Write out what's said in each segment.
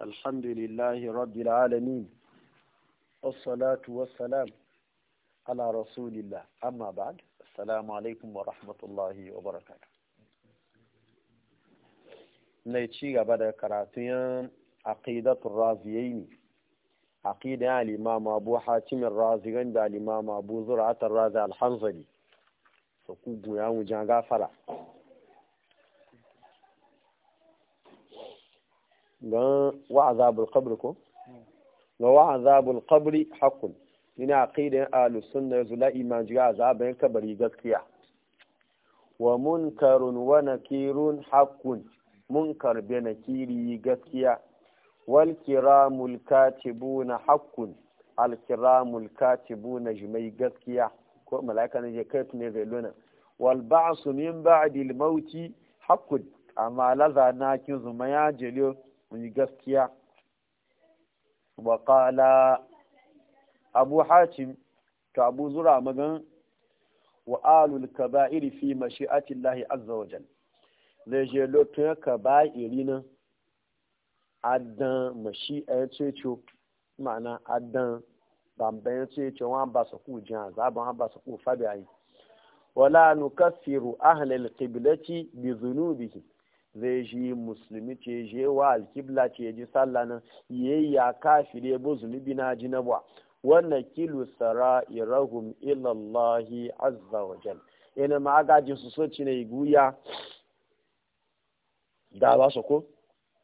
الحمد لله رب العالمين والصلاة والسلام على رسول الله أما بعد السلام عليكم ورحمة الله وبركاته نيتشي قبل كراتين عقيدة الرازيين عقيدة الإمام أبو حاتم الرازي عند الإمام أبو زرعة الرازي الحنظلي سكوب يوم جان غفرة gan wa azabul qabr ko ga wa azabul qabri haqqun ina aqidan ahlus sunna yanzu la iman jiga azaban kabari gaskiya wa munkarun wa nakirun haqqun munkar bi nakiri gaskiya wal kiramul katibuna haqqun al kiramul katibuna jimai gaskiya ko malaika ne je kai ne zai luna? wal ba'su min ba al mauti haqqun amma laza na kin zuma ya jeliyo mun gaskiya wa ƙala abu hatim ta abu zura magan wa alul kaba'iri fi mashi'ati lahi azza wa jal zai je lotun kaba'iri na adan mashi'a eh, ceco ma'ana adan bambayin ceco wa ba su ku jin a ba su ku fabi ayi wala nukaffiru ahlil qiblati bi zunubihi zai shi musulmi ce je wa alkibla ce ji sallah nan yayya kafire bu zunubi na ji na ba wannan kilu sara'irahum ilallahi azza wa jal yana ma agajin su so ci ne guya da ba su ko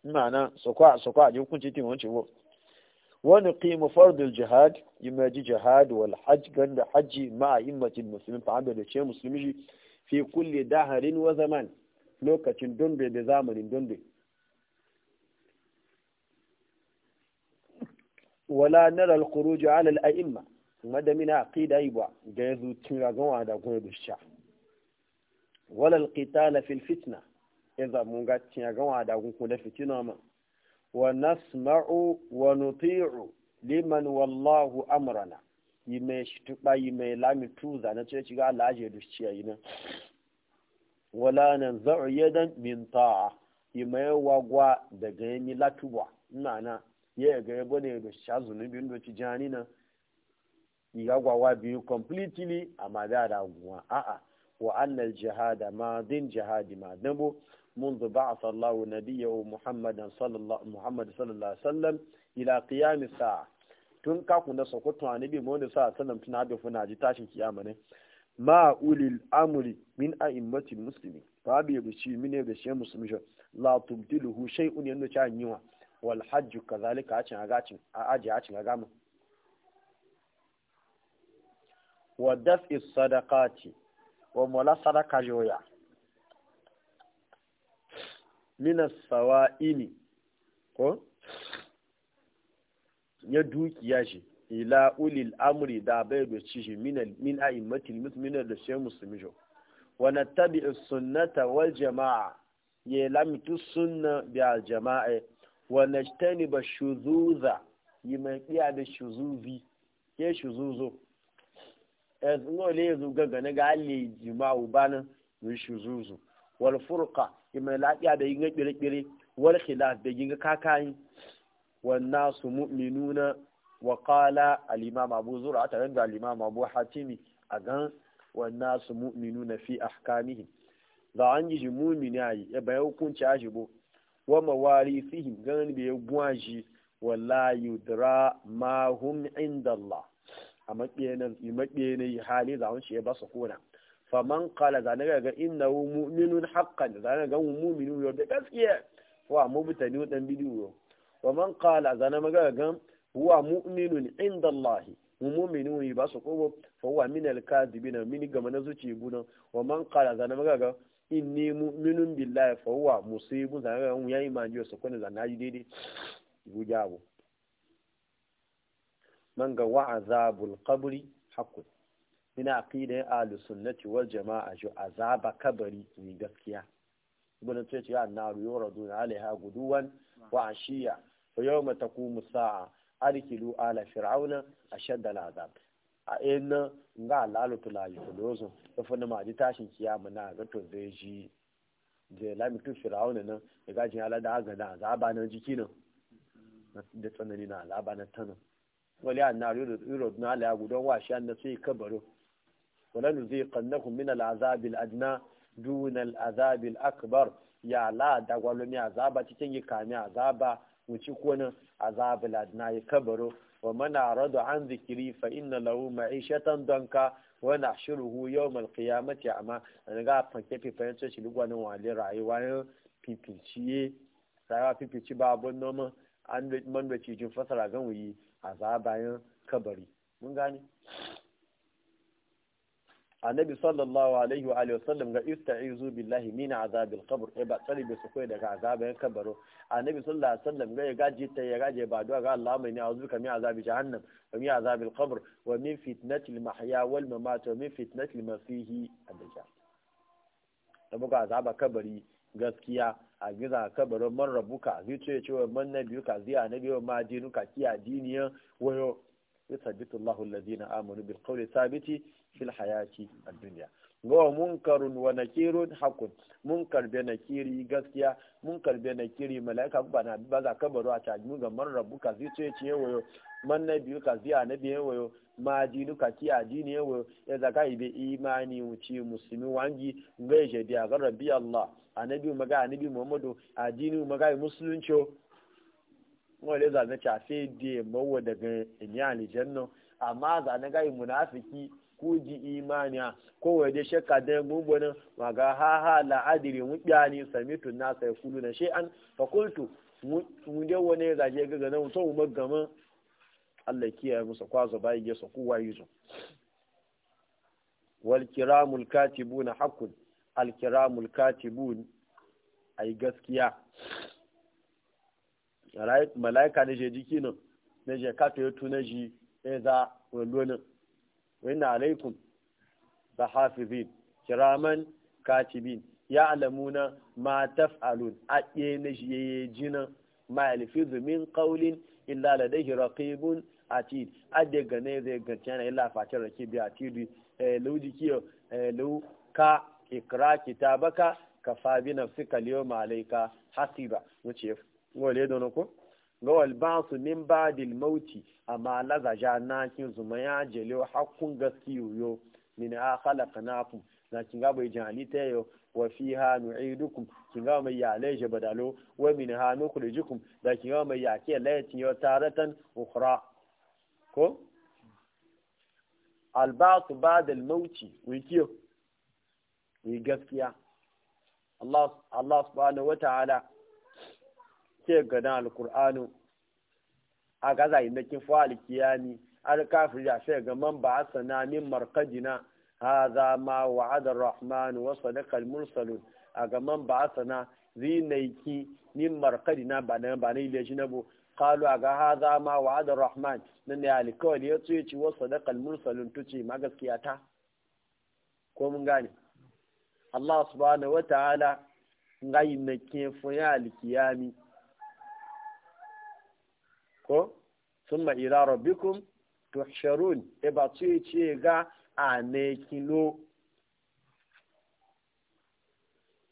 ma'ana su kwa su kwa ji hukunci tin wance wo wani qimu fardul jihad yimaji jihad wal hajj ganda hajji ma'a immatin muslimin fa'anda da ce musulmi fi kulli daharin wa zaman lokacin dombe da zamanin dombe wala nara al-khuruj aimma madamina aqida ibwa ga yazo tira ga wada ko bisha wala al-qital fi fitna ya mun ga tira ga da ko da fitina ma wa nasma'u wa nuti'u liman wallahu amrana mai shi yi mai lami tuza na ce ci ga Allah ya dusciya yinan wala nan za'u yadan min ta'a imaye wagwa daga yami latuwa ina na ya ga yabo ne da sha zunubin da ci jani nan igagwawa biyu completely a da guwa a'a wa annal jihada ma din jihadi ma dabo mun da ba نبيه محمد صلى الله محمد صلى sallallahu عليه وسلم الى قيام tun kaku na sokoto annabi mu ne sa sallam tun da funa ji tashin kiyama ne ma ulil amri min a a'immatil musulmi fa bi bishi min ga shi musulmi la tubdiluhu shay'un yanda cha yiwa wal hajj kazalika a cin agacin a aje a cin agamu wa daf'i sadaqati wa mala sadaqa joya min as-sawa'ili ko ya dukiya shi ila ulil amri da bai da ci min a immatil musulminar da shi musulmi jo wani tabi sunnata wal jama'a ya lamitu sunna biya jama'a wani tani ba shuzuza yi mai iya da shuzuzi ke shuzuzo ya zuwa ne ya zo gangane ga alle jima'u banan yi shuzuzo wal furka yi mai lafiya da yin ga kire wal khilaf da yin ga kakayi wannan su mu'minuna wa qala al abu zura a ranga al-imam abu hatimi a gan wannan su mu'minu na fi ahkamihi za an yi mu'mini ayi ya e bayan hukunci a shigo wa mawari fihim gan bi ya buwa shi wala yudra ma hum inda Allah a maɓiye yi hali za an shi ya e ba su kona faman kala za na ga inna mu'minun haqqan za na ga mu'minu yau da gaskiya wa mubtani dan bidiyo wa man kala za na ga gan huwa mu'minun inda Allah mu mu'minu yi ba su kogo fa huwa min al-kadibina min gama na zuci gudan wa man qala zana magaga inni mu'minun billahi fa huwa musibun zana ga mu yayi manjiyo su kuna zana yi daidai gujabo man ga wa azabul qabri haqqun ina aqidan ahlus sunnati wal jama'a ju azaba kabari ni gaskiya ibn tayyib ya annaru yuraduna alaiha guduwan wa ashiya fa yawma taqumu sa'a arikilu ala fir'auna ashadda al'azab a ina nga lalutu la yukuluzu ifo na maji tashin kiyama na ga to zai ji mi to fir'auna na ya gajin ala da ga da azaba na jiki na da tsanani na azaba na tana wali an na yurod na ala gudan washi an na sai kabaro zai qannakum min al'azabil adna duna al'azabil akbar ya la da gwalo mi azaba cikin yi kami azaba wuce konin azabul na ya kabaro wa mana radu an zikiri fa inna lahu ma'ishatan danka wa nahshuruhu yawmal qiyamati amma an ga fanke fi fahimta shi lugwanin wale rayuwa ya pipici rayuwa pipici ba abun noma an man da cijin fasara gan wuyi azabayan kabari mun gane annabi sallallahu alaihi wa sallam ga ista'izu billahi min azabil qabr e ba tsari da su koyi daga azabin kabaro annabi sallallahu alaihi wa sallam ga ya gaji ta ya gaje ba du'a ga Allah mai ni a'udhu bika min azabi jahannam wa min azabil qabr wa min fitnatil mahya wal mamat wa min fitnatil masihi ad-dajjal da buga azaba kabari gaskiya a giza kabarin man rabuka zai ce cewa man nabiyuka zai ma wa majinuka kiya jiniyan wayo يثبت الله amanu bil qawli sabiti fil hayati ad-dunya wa munkarun wa nakirun hakun munkar be nakiri gaskiya munkar be nakiri malaika ba na ba za ka baro a mun ga man rabu ka zai ce ce wayo man na biyu ka zai anabi ya wayo ma jinu ka ki ajini ne wayo ya zaka ibe imani wuce musulmi wangi ngai je da ga rabbi allah anabi ga anabi muhammadu ajini ga musulunci wọ́n le za tí ta sai de mawo daga ẹ̀yìn janno amma za àzànà ga munafiki kuji imaniya kowai dai shakka da gumbonin ma ga ha ha la'adiri mutiyani samitu na sai kulu na shay'an fakultu mu dai wani zaje ga ganin to mu gaman Allah kiyaye musu kwazo bai ge su kowa yi wal kiramul katibuna haqqun al kiramul katibun ai gaskiya malaika ne je jiki nan ne je kato ya tuna ji ya eh za wani wa inna alaikum hafizin kiraman katibin ya alamuna ma taf'alun a na shi jina ma kaulin min qawlin illa a raqibun atid ade gane zai gaci yana illa facin rakibi atid eh, lau dikiyo eh, lau ka ikra kitabaka kafa bi nafsika liyawma hasiba wuce wale ko gawal ba su min ba dil mauti amma laza ja na kin zuma ya jelo hakkun gaskiyo yo min a khalaqa nakum na kin gaba bai jani ta yau wa fiha nu'idukum kin gaba mai ya laje badalo wa min ha nukhrijukum da kin gaba mai ya ke yau yo taratan ukura ko al ba'th ba'da al mauti wi kiyo gaskiya Allah Allah subhanahu wa ta'ala ke gadan alkur'anu a gaza yi nakin fa'ali kiyani al kafir ya sai ga man ba sana min marqadina hadha ma wa'ada ar-rahman wa sadaqa al a ga man ba sana zinaiki min na ba nan ba ne shi na bo qalu aga hadha ma wa'ada ar-rahman nan ne alkawali ya ce ci wa sadaqa al-mursalun tuce ma gaskiya ta ko mun gane Allah subhanahu wa ta'ala ngayi nakin ya alkiyami ko summa ila rabbikum tuhsharun e ba ce ce ga a ne kilo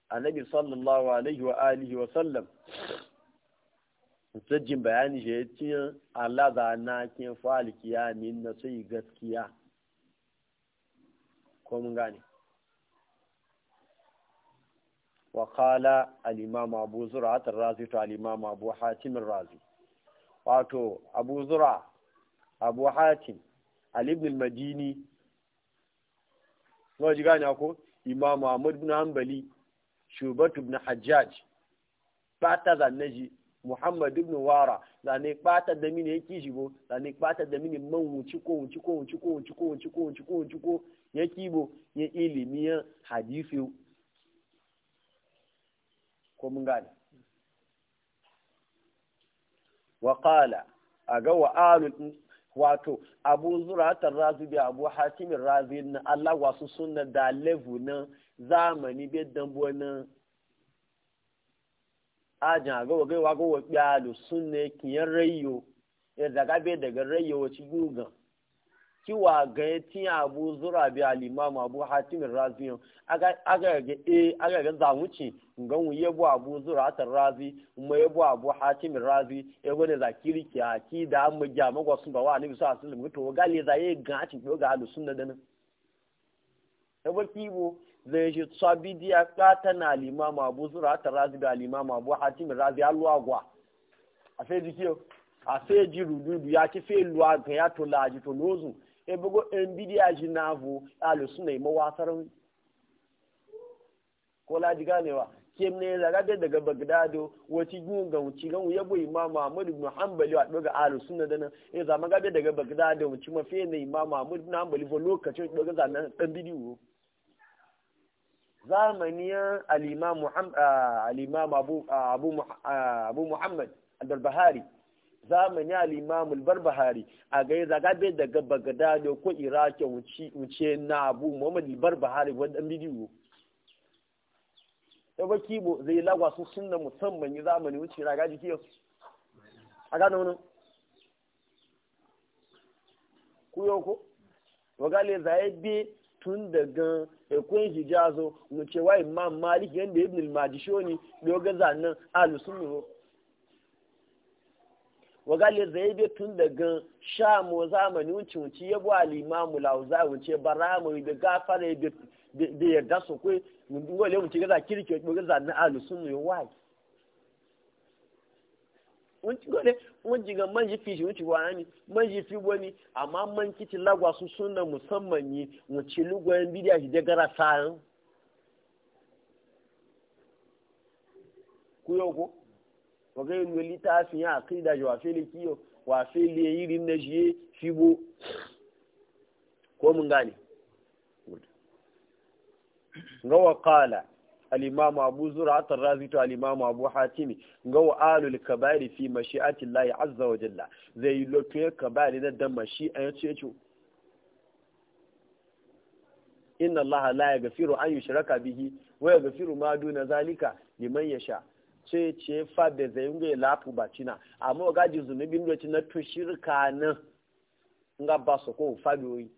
annabi sallallahu alaihi wa alihi wa sallam sajjin bayani shi ya ci, Allah za na kin falikiya min na sai gaskiya ko mun gane وقال الإمام أبو زرعة الرازي الإمام أبو حاتم الرازي wato abu zura abu hatim alibin madini wajen gani ko imam Muhammadu bin hanbali shubatu bin hajjaj bata zanneji muhammad ibn wara zane bata da mini yake shigo zane bata da mini man wuci ko wuci ko wuci ko wuci ko wuci ko wuci ko wuci ko yake bo ya ilimiyan hadisi ko mun gani wa a ga wa wato abu zuratar razu bi abu hatimin razu na Allah wasu suna da levu na zamani bi dambo na ajin agawa gaiwa gawa ɓyalu suna kiyar rayu ya zaga bai daga rayo wacce gugan kiwa ga ya tiya abu zura bi alimamu abu hatimin razi e, aga ga zamuci ga mu yabo abu zura ta razi mu yabo abu hatimin razi e gwada za kirki a ki da mu ja magwa sun bawa annabi sa sallam to gale za yi ga ci ko ga halu sunna dana e ya ba kibo zai shi sabidi ya kata na alimamu abu zura ta razi da alimamu abu hatimin razi alwa agwa a sai jikiyo a sai ji rududu ya ci fe lu aga ya to laji to lozu e bugo en bidiya shi na abu alu suna yi mawasar kola ji ganewa kem ne zaga da daga bagdado wati gun ga wuci gan ya bo imam mahmud ibn hanbali wa daga alu sunna dana e zama gabe daga bagdado wuci mafi ne imam mahmud ibn ambali fo lokacin daga zanan dan bidiyo zamaniyar ah, al'imam abu ah, ah, muhammad al-bahari zamani al'imamul barbahari a gai bai daga bagadado ko iraki wuce na abu muhammadu barbahari wadan bidiyo da ba bo zai lagwa su sunna musamman yi zamani wuce na jiki yau a gano wani ku yau ko wagale zai bi tun daga ekwai hijazo wuce wa imam malik yadda ibn al-majishoni dogaza nan alusun Wa wagali zai bi tun daga sha mu zamani wuce wuce ya buwa limamu lauza wuce bara mu da gafara da yarda su kai wale wuce gaza kirki wuce gaza na alusun mu yawa wuce gole wuce ga man fi shi, wuce wa ni man ji fi wani amma man kici lagwa su suna musamman ni wuce lugwayen bidiya shi da gara sa'an ku yau ko waga yin wali ta asin ya akida ji wa fili kiyo wa fili yiri na jiye fibo ko mun gane ga wa qala al-imam abu zura ar-razi to al abu hatimi, ga wa alul kabari fi mashi'ati llahi azza wa jalla zai lotu kabari da dan shi ya ce ce inna allaha la gafiru an shiraka bihi wa gafiru ma duna zalika liman yasha' sai ce fa da zai ngai lafu bacina amma ga gaji zunubin da ci na to shirka nan nga ba su ko fa da yi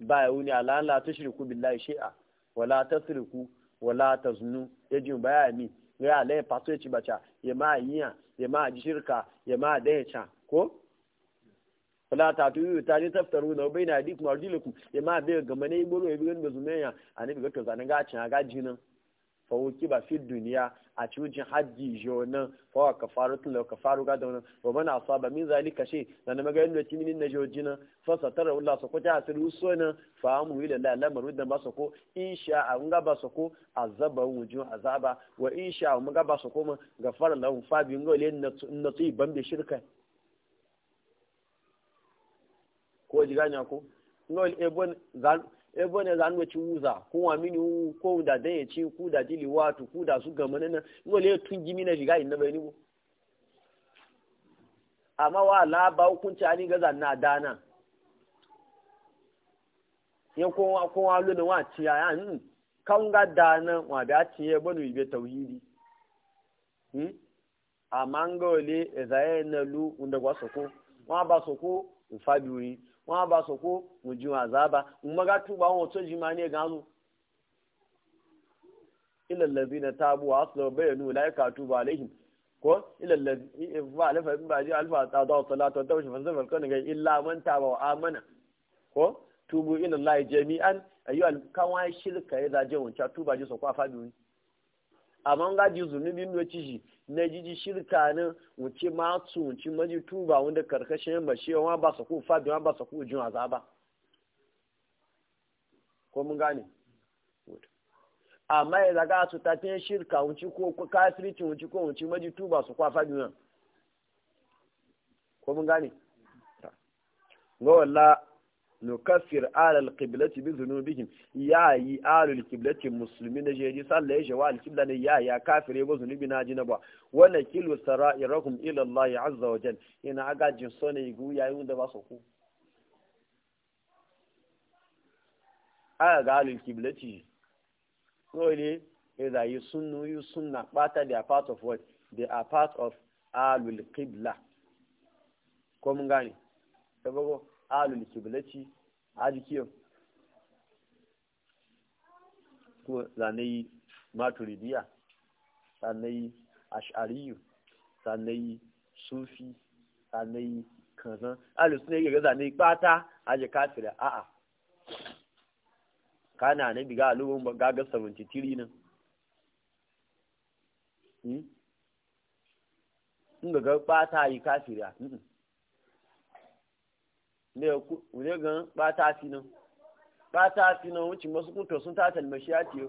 ba ya wuni ala la tushriku billahi shi'a wala tasriku wala taznu yajin bayani ga ala fa ya ci bacha ya ma yiya ya ma ji shirka ya ma da ya ko wala ta tuyu ta ni taftaru na bai na dik marjilukum ya ma bai ga mane iboro ya bi ganin bazumenya anabi ga to zanin ga cin ga jinan fawo ba fi duniya a cikin hajji jona fawa faru tun lau faru ga dauna wa mana asaba min zalika shi da na magayin da timinin na jojina fa satara Allah sako ta asiri uso na fa amu ila la lamaru da ba ko insha a ga ba ko azaba wujun azaba wa insha a ga ba ko ma gafara lahum fa bi ngole na tsi ban da shirka ko jiganya ko ngole ebon zan ebe ne za nwa ci wuza ko wa mini wu ko da dan ya ci ku da dili watu ku da su gama nan ngo le tun jimi na shiga inda bai ni bu amma wa la ba hukunci ani gaza na dana ya hmm, ko wa ko wa hmm? lu da wa ci ya an kan ga dana wa da ci ya banu ibe tauhidi hmm amma ngo le zai na lu unda kwa soko wa ba soko fa biyu wọn bá sọ kó mo ju àzába mo ga túbọ̀ àwọn ọ̀tọ́ jí máa ní ẹ̀gán ánú ilẹ̀lẹ̀bí na taabu àṣọ bẹ́ẹ̀ nù láìka túbọ̀ àléhìn kó ilẹ̀lẹ̀bí ìfúnfà àlẹ́fà àtàdá kọ́ nìkan ilá wọn tábà àlùkáwọn amma ga ji zunubin da ci shi na ji shirka nan wuce matsu wuce maji tuba wanda karkashin ba shi wa ba su ku fadi wa ba su ku jin azaba ko mun gane amma ya ga su tin shirka wuce ko kafircin wuce ko wuce maji tuba su kwa fadi wa ko mun gane ga wallahi nukaffir alal qiblati bi dhunubihim ya yi alul qiblati muslimin da jeji sallah ya shawal qibla ne ya ya kafire ba zunubi na ji na ba wala kilu sara'irakum ila Allah azza wa jal ina aga jin so igu ya yi da ba su ku aya ga alul qiblati so ne is that yi sunnu you sunna pata they are part of what they are part of alul qibla ko mun gani sabago alul kiblaci a jikiyo ko zanayi maturidiya zanayi ash'ariyu zanayi sufi zanayi kazan alul suna yi gaza ne kpata a kafira a'a kana na biga alubun gaga 73 nan in hmm? ga ga kpata yi kafira ne gan bata fi nan bata fi nan wuce masu kun to sun tata almashiya ce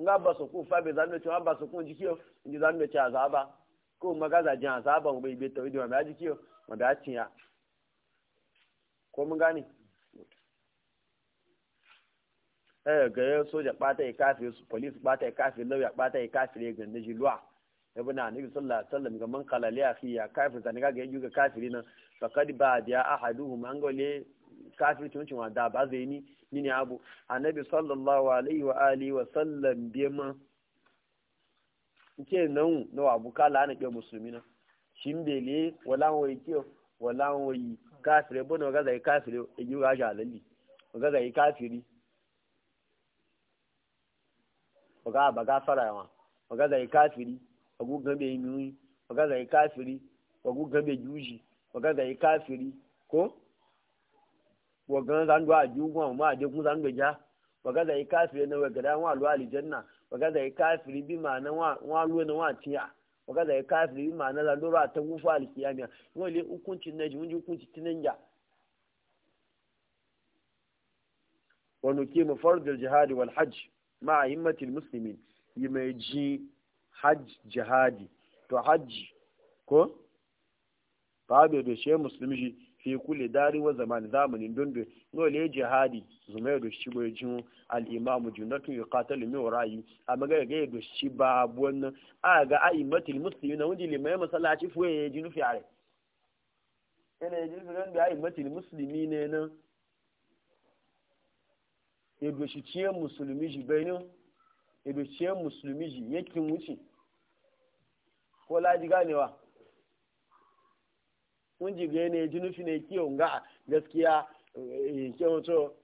nga ba su kun fa be zanu ce ba su kun jikiyo inji zanu ce azaba ko magaza jin azaba mu bai beta ido ma jikiyo ma da ciya ko mun gane eh ga soja bata ya e kafi police bata ya e kafi lawyer bata ya e kafi ne gandaji luwa ibn annabi sallallahu alaihi wasallam ga man qala li akhi ya kafir zani ga yaji ga kafiri nan faqad ba biya ahaduhum an gole kafir tun tun da ba zai ni ni abu annabi sallallahu alaihi wa alihi wa sallam bi ma nke nan no abu kala na ke musulmi na shin bele wala wai wala wai kafire bono ga zai kafire yaji ga jalalli ga zai kafiri ga ba ga fara yawa ga kafiri wagu gabe yi miwi waga zai kafiri wagu gabe juji waga kafiri ko gan zan do ajugu wa ma de kun zan do ja waga zai kafiri na waga da wa lu aljanna waga kafiri bi ma na wa wa lu na wa tiya waga zai kafiri bi ma wọn zan do ti ta gufu alkiyamiya wole hukunci na ji mun hukunci tinanja ونقيم máa yín mẹtìrì mùsùlùmí yìí المسلمين يمجي hajj jihadi to hajji ko babu da shi musulmi shi fi kule dari wa zamani zamanin dundu no le jihadi zumai da shi bai jin al-imamu junnatu yuqatalu min wara'i amma ga ga da shi ba nan a ga a'immatul muslimin wanda limai masallaci fuye ya jinu fi are ina ya jinu ran da a'immatul muslimi ne nan ya doshi ciye musulmi shi bainin ibi ce musulmi ji yake wuce ko laji ganewa kun ji ga ne ji ne kiyo ga gaskiya ke wato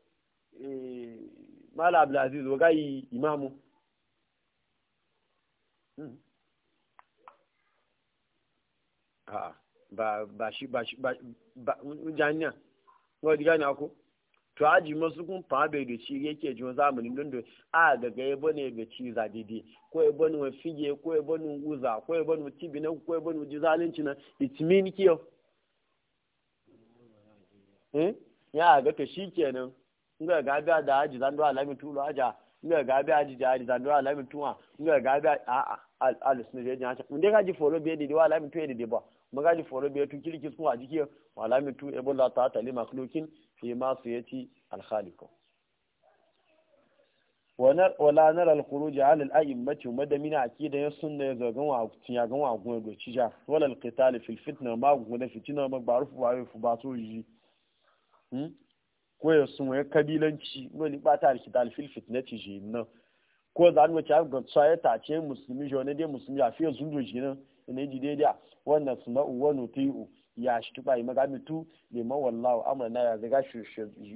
mala abdulaziz wa gayi imamu hmm. ba ba shi ba shi ba ba shi ba shi ba ko to a ji masu kun fa bai da ci yake ji zamanin dundu a daga ya bane ga ci za didi ko ya bane fige ko ya bane guza ko ya bane tibi na ko ya bane jizalunci na it mean kiyo eh ya ga to shikenan inga ga ga da aji zan do alamin tulo aja inga ga ga aji da aji zan do alamin tuwa inga ga ga a a al sunne je jan mun dai ga ji foro be didi wa alamin tuwa didi ba magaji foro biya tun kirki sun a jiki wa alamitu ebola ta tali maklukin fi ma su yaci alhaliko wala nara alkhuruji ala al-a'immati wa madamina akida ya sunna ya zagan wa ya gan wa gun do cija wala al-qital fi al-fitna ma gun da fitina ma barufu wa yufu ba so yi hmm ko ya sun wa kabilanci wani ba ta al-qital fi al-fitnati ji nan ko zan wace ga tsaya ta ce musulmi jone dai musulmi a fiye zundoji nan ne ji daidai wannan su na uwa ti'u ya shi tuba yi magami tu liman wallahu amurna ya zaga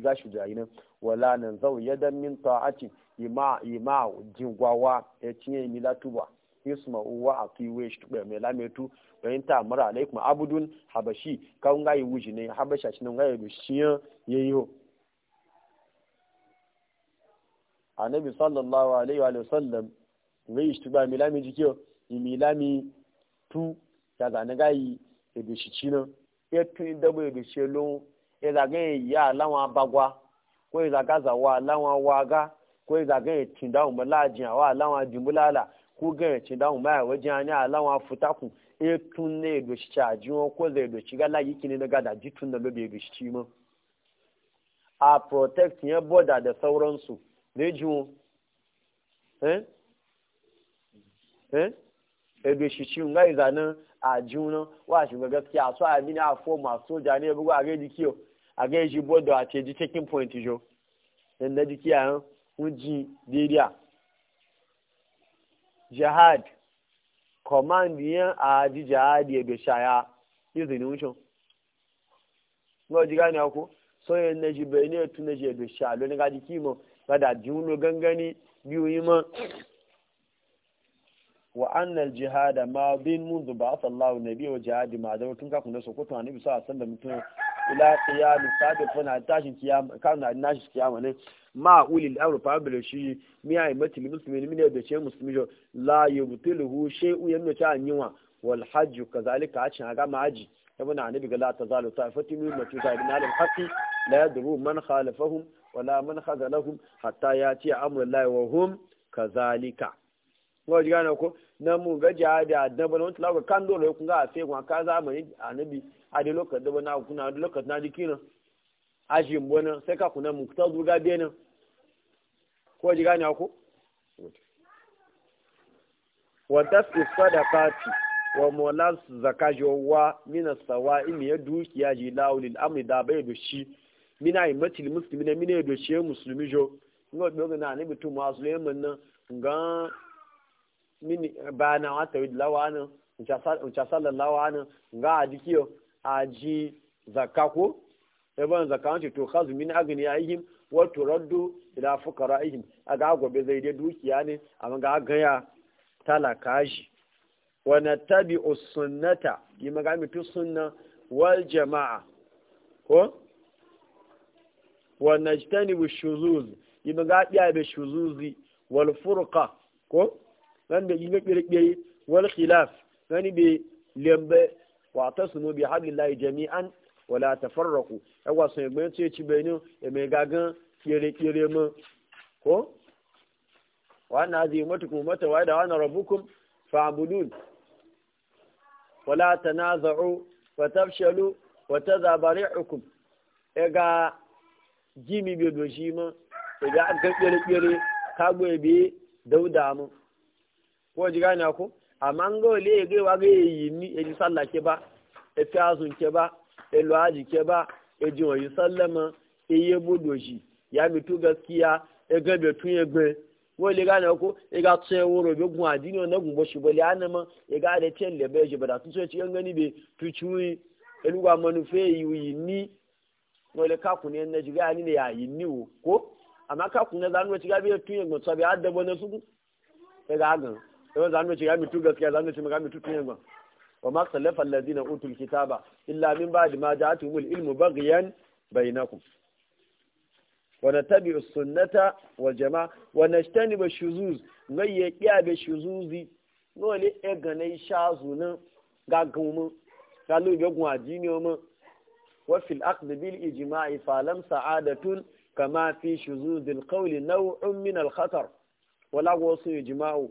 shi jayi nan wala nan zau yadda min ta'atin ima jingwawa ya cinye mila tuba yusma uwa a fi kiwe shi tuba mai lametu bayan ta mara alaikum abudun habashi kawun gayi wuji ne habasha shi nan gayi bishiyan yayiho annabi sallallahu alaihi wa sallam zai shi tuba milami jikiyo milami tu ta zane gayi edo shi ci nan ya tu ya zaga ya yi alawan abagwa ko ya zaga zawa alawan waga ko ya zaga umar awa alawan ko ga umar ani alawan ya tun na na gada ji tun na lobe a protect da sauransu ne ebe shi ciwon ga izanin a juna wa shi ga gaskiya so a mini a foma soja ne bugu a gaji kiyo a gaji bodo a teji checking point jo dan na jiki a yan diriya jihad command yan a ji jihad ya be shaya izini wucin ngo ji ko so yan na ji bene tun na ji lo ga jiki mo ga da juno gangani biyu yi wa annal jihada ma bin mundu ba sallahu nabi wa jihadi ma da tun kafin da su kutu annabi sa san da mutum ila qiyamu sabi kuna tashin kiyama kana nashi kiyama ne ma ulil amru fa bil shi mi ay mati ne min da ce muslimi jo la yubtiluhu shay'u yanno ta anyiwa wal hajj kazalika a cin aga maji ibn annabi ga la tazalu ta'ifatu min matu ta ibn al haqi la yadru man khalafahum wala man khazalahum hatta yati amru allahi wa hum kazalika ngo diga na ko na mu ga ja da da ban wata lawa kan dole kun ga sai kun ka zamani annabi a da lokacin da bana kuna da lokacin na jikin aji mbona sai ka kuna mu ta zuga benin ko diga na ko wa tasfi fati wa molas zakajowa mina sawa imi ya dukiya ji laulil amri da bai doshi mina imatil musulmi na mina ya doshi ya musulmi jo ngo dogo na ne bitu masu lemin nan ngan mini eh, bana wata wid lawana uncha sallan lawana ga adikiyo aji zakako ibn zakanci to khazu min agni ayhim wa turaddu ila ayhim aga gobe zai dai dukiya ne amma ga gaya talakaji wa nattabi'u sunnata yi magami tu sunna wal jama'a ko wa bi shuzuz yi magabi ya bi shuzuzi wal furqa ko nan da jime kirkiri wal khilaf nan bi lembe wa tasmu bi hablillahi jami'an wala tafarraqu yawa sun gbe ce ci bayinu e me gagan kire kire mu ko wa na azimatukum mata wa da ana rabbukum fa'budun wala tanaza'u fatafshalu wa tadhaba rihukum ega jimi bi do shi mu ega gaggare gare kagwe bi dauda mu ko ji gane ku amma an ga wale ga wa ga yi ni e ji sallah ke ba e fi azun ke ba e lo aji ke ba e ji wa sallama e ye bodo shi ya mi gaskiya e ga tun ye gbe wo le gane ku e ga tse woro be gun adini ona gun bo shi bo le anama e ga de chen le be je ba da tun so ti ngani be tu chui eluwa manufe e yi ni wale kaku ne na jiga ni ne ya yi ni wo ko amma kaku na zanuwa jiga be tun ye gun so be adabo na suku e ga gan sai za mu ce ya mitu gaskiya za mu ce ga mitu tun yamma wa ma salafa allazina utul kitaba illa min ba'di ma ja'atuhumul ilmu baghyan bainakum wa natabi'u sunnata wal jama'a wa najtanibu shuzuz ngayya qiyabe shuzuzi ngole e ganai shazuna gagumu kalu jogun ajini omo wa fil aqd bil ijma'i falam sa'adatun kama fi shuzuzil qawli naw'un min al khatar wala wasu ijma'u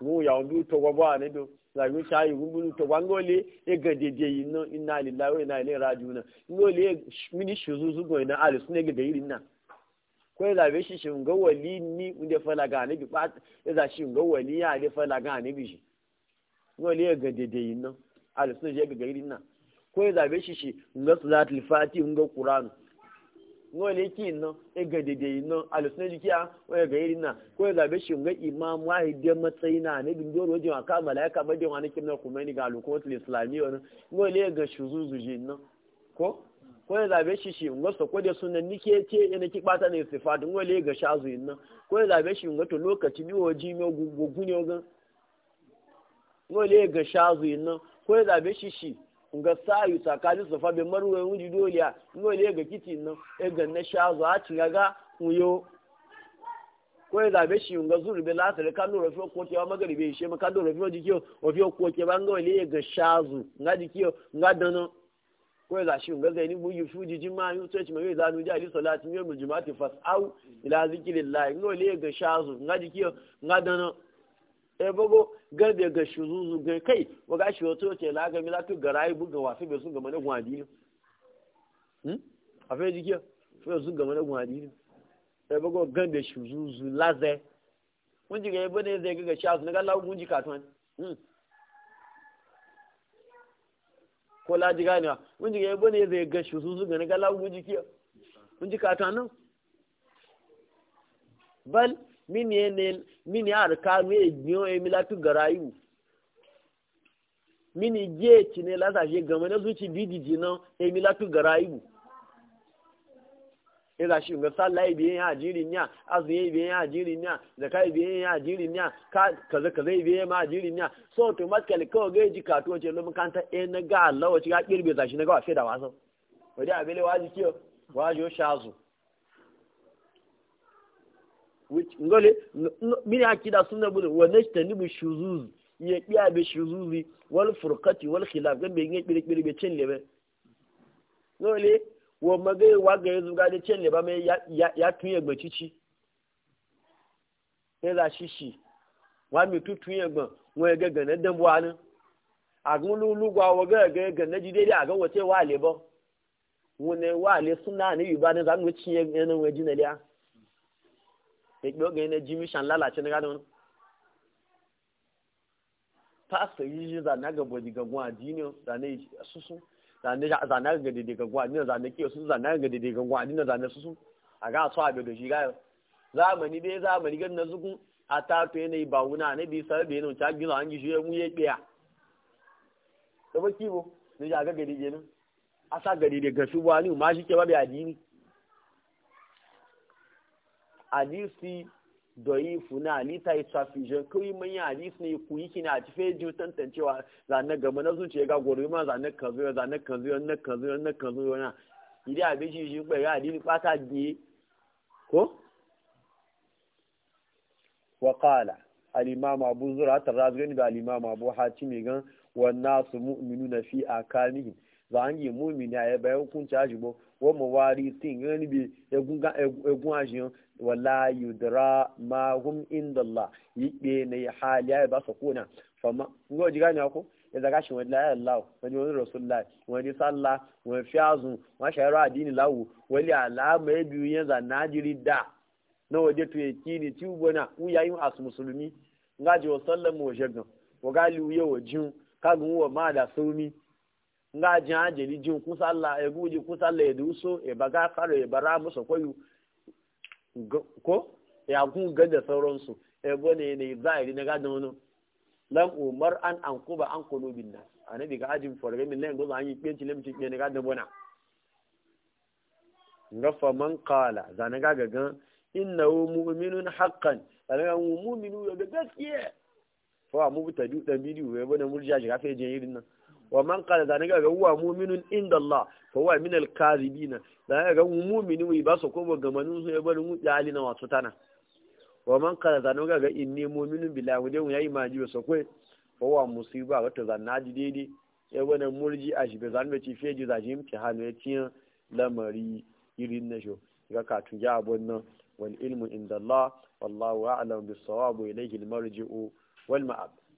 mu ya ndu to gwa gwa ne do la yu sha yi gungun to gwa ngole e ga dede yi no inna lillahi wa inna ilaihi rajiun ngole mini shuzuzu go ina ali sunne ga dai na. ko da e be shi shin ga wali ni unde fala ga ne bi ba ya e za shi ga wali ya e de fala ga ne bi shi ngole e ga dede yi no ali sunne je ga dai rinna ko da be shi shi ga salatul fati ga qur'an wọ́n lè kí iná ẹgẹ̀ e dèdè iná alùsùn ẹjú kí á wọ́n ẹgẹ̀ yìí náà kó ẹgẹ̀ àbẹ́ ṣe ǹgẹ́ ìmáàmù àìdẹ́ mọ́tẹ́yìn náà níbi ní ọ̀rọ̀ jẹun àká màláìka bẹ́ẹ̀ wọn ní kíni ọkùnrin ní gàlù kó tilẹ̀ sùlámì ọ̀nà wọ́n lè ẹgẹ̀ ṣùzùzù yìí iná kó kó ẹgẹ̀ àbẹ́ ṣe ṣe ǹgọ́ sọ̀kọ́ dẹ̀ sún ní kí ne ẹni kí pátá ní ìsìfàdù wọ́n lè ẹgẹ̀ ṣáàzù iná kó ẹgẹ̀ àbẹ́ ṣe ǹgọ́ tó lókàtí bí wọ́n jí mi ogun ní ọgán wọ́n nga sayu sakali su fa be marwe wuji doliya ngo le kiti no e ga na a ga uyo ko da be shi nga zuru be lasare kan no rafi ko tewa magaribe shi ma kan no rafi ji kiyo o fi ko ke ban ngo le nga ji nga da shi nga bu ma yu ma ali salati mi mu jumati fas au ila zikrillah ngo le ga nga ji nga e eh, bago garbe ga shuzuzu ga kai waga shi wato ce na ga mi la tu garai wasu be sun ga mana gwadi ne hmm? a fe jike fe sun ga mana gwadi ne e eh, bago garbe shuzuzu laze mun ji ga yabo ne zai ga ga shazu na ga lawo mun ji katon hmm? ko la ji gani mun ji ga yabo ne zai ga shuzuzu ga na ga lawo mun ji kiyo mun ji katon nan bal mini ne mini arka mi egbin emi latu garayu mini je ti ne lata se gan mo ne zuci bidiji na emi latu garayu ila e shi ga sallah ibe yin ajiri niya azumi e ibe yin ajiri niya zakai ibe yin ajiri ka kaza kaza ibe yin ajiri niya so to automatically ko ga ji ka to ce lumun kanta e na ga Allah wace ga kirbe zashi na ga wa fe da wasan wadi abele waji kiyo wajo shazu ngole mini akida sunna bude wa najtanibu shuzuz ye biya be shuzuzi wal furqati wal khilaf gambe ngi bire be chenle be ngole wo mage wa ga yanzu ga de chenle ba me ya ya tuye gbe e la shishi wa mi tu tuye wo ga ga na dan anu agun lu lu gwa wo ga ga na jide wo te wa le bo wo ne wa le sunna ni yuba ne ne da ke oge na jimi shan lalace na gadon pasta yi za na ga bodi ga gwa dino ne susu za na ga dede ga gwa dino ne ke susu na ga dede ga gwa dino ne susu a ga so za ma shi ga zamani ma zamani ga na zugun a to ne ba wuna ne bi be no ta gina an shi mu muye biya da ba bo ne ya ga je kenan asa ga su wa ni ma shi ke ba bi dini hadisi doyifu na alita yi safijan kawai yi hadisi ne ku yi kina a tafiye ji tantancewa zane gama na zuciya ga gori ma zane kazo ya zane kazo ya na kazo ya na kazo ya na idi abin shi shi ya hadisi fata biye ko وقال الإمام da زرعة الرازقين abu أبو حاتم gan والناس مؤمنون في أكانهم zangi mumini a ebe kun caji bo wo mo wari tin gani bi egun ajiyan wala yudra ma hum inda Allah yibe ne hali ya ba su kuna fama ngo ji gane ko ya zaga shi wani layar lawo wani wani rasulullah wani sallah wani fiyazun wani shayarwa addini lawo wali alama ya biyu yanzu na jiri da na waje tuye kini ci ubona uya yin as musulmi nga ji wa sallan mu waje gan wa gali uye wa jin kagun wa ma da saumi nga ji ajali jin kun sallah ya guji kun sallah ya duso ya baga faro ya bara musu koyu ko ya kun da sauransu ebo eh, ne ne zahiri na gadon wani lam umar an an kuba an kulubin nas annabi ga ajin farga min nan gozo an yi kpenci lamci kpen ga da bona ngafa man qala zana ga gaga innahu mu'minun haqqan zana ga mu'minu ga gaskiya fa mu bi du dan bidiyo ya bana murja ga fe je irin nan wa man qala da naga ga huwa mu'minun inda Allah fa huwa min al-kadhibina da ga mu'mini wi ba su ko ga manu su ya barin ya ali na wato tana wa man qala da naga ga inni mu'minun billahi wa dai yayi maji so ko fa huwa musiba wato zannaji daidai ya wani murji a shi bai zan da ci fiye ji zaji imti hannu ya ciyan lamari irin na shi ga katun ya abun nan wal ilmu inda Allah wallahu a'lam bis sawab ilayhi al marji'u wal ma'ab